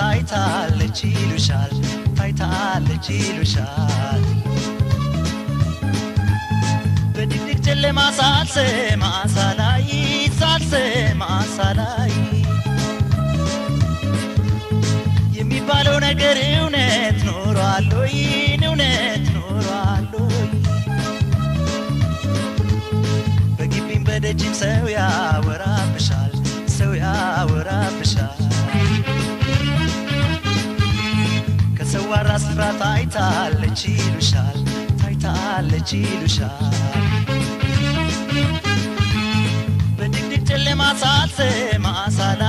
ታይታለች ይሉሻል ታይታለች ይሉሻል በድቅድቅ ጨለማ ሳልሰማ ሳላይ ሳልሰማ ሳላይ የሚባለው ነገር እውነት ኖሯል ወይ እውነት ኖሯል ወይ በግቢም በደጅም ሰው ያው አስራ ታይታለች ይሉሻል ታይታለች ይሉሻል ጨለማ ሳት ማሳላ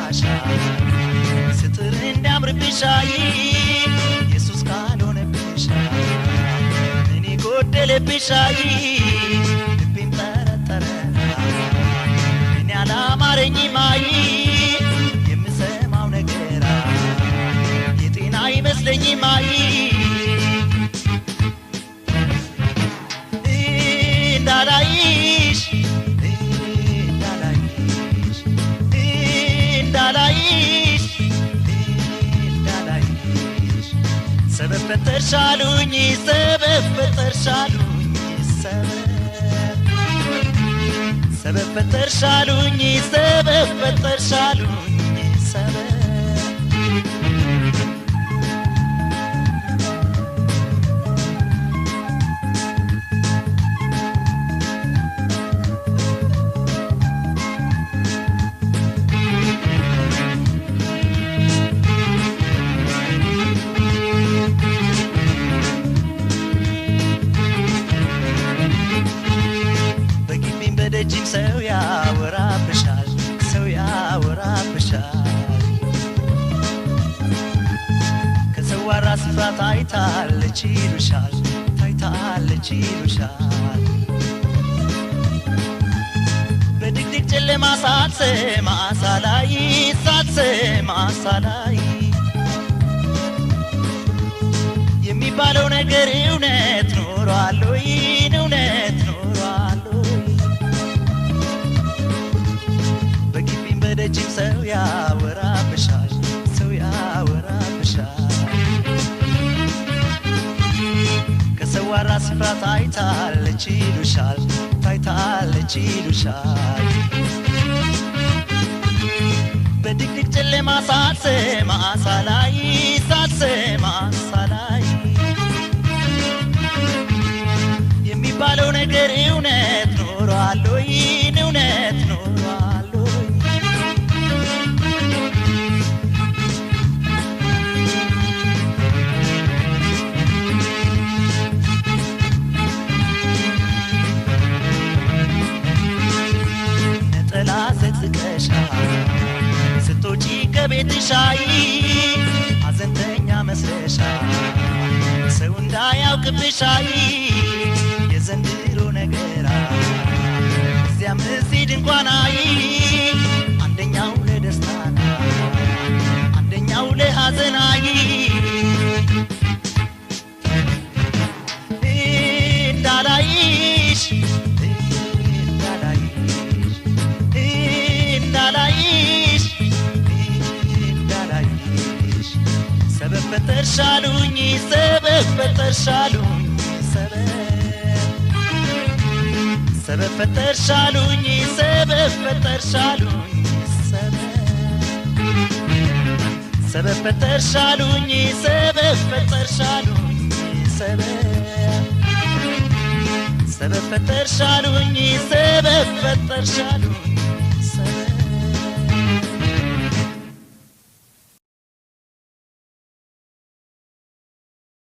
አሻ ስጥር እንዳምርብሻ ኢየሱስ ካልሆነብሻ እኔ ጎደለብሻ ልቤም ጠረጠረ እኔ አላማረኝማይ ሰበብ ፈጠርሻሉኝ ሰበብ ፈጠርሻሉኝ ሰበብ ሰበብ ፈጠርሻሉኝ ሰበብ ፈጠርሻሉኝ ከሰዋራ ስፍራ ታይታለች ይሉሻል፣ ታይታለች ይሉሻል። በድቅድቅ ጨለማ ሳትሰማ ሳላይ ሳትሰማ ሳላይ የሚባለው ነገር እውነት ኖሯል መቼም ስፍራ ታይታለች ይሉሻል፣ ታይታለች ይሉሻል። በድቅድቅ ጨለማ ሳትሰማ ሳላይ ሳትሰማ አስቀሻ ስትውጪ ከቤትሽ አይ መስለሻ ሰው እንዳያውቅብሽ አይ የዘንድሮ ነገራ እዚያም እዚህ ድንኳን ፈጠርሽ አሉኝ ሰበብ ፈጠርሽ አሉኝ ሰበብ ፈጠርሽ አሉኝ ሰበብ ፈጠርሽ አሉኝ ሰበብ ፈጠርሽ አሉኝ ሰበብ ፈጠርሽ አሉኝ ሰበብ ፈጠርሽ ሰበብ ፈጠርሽ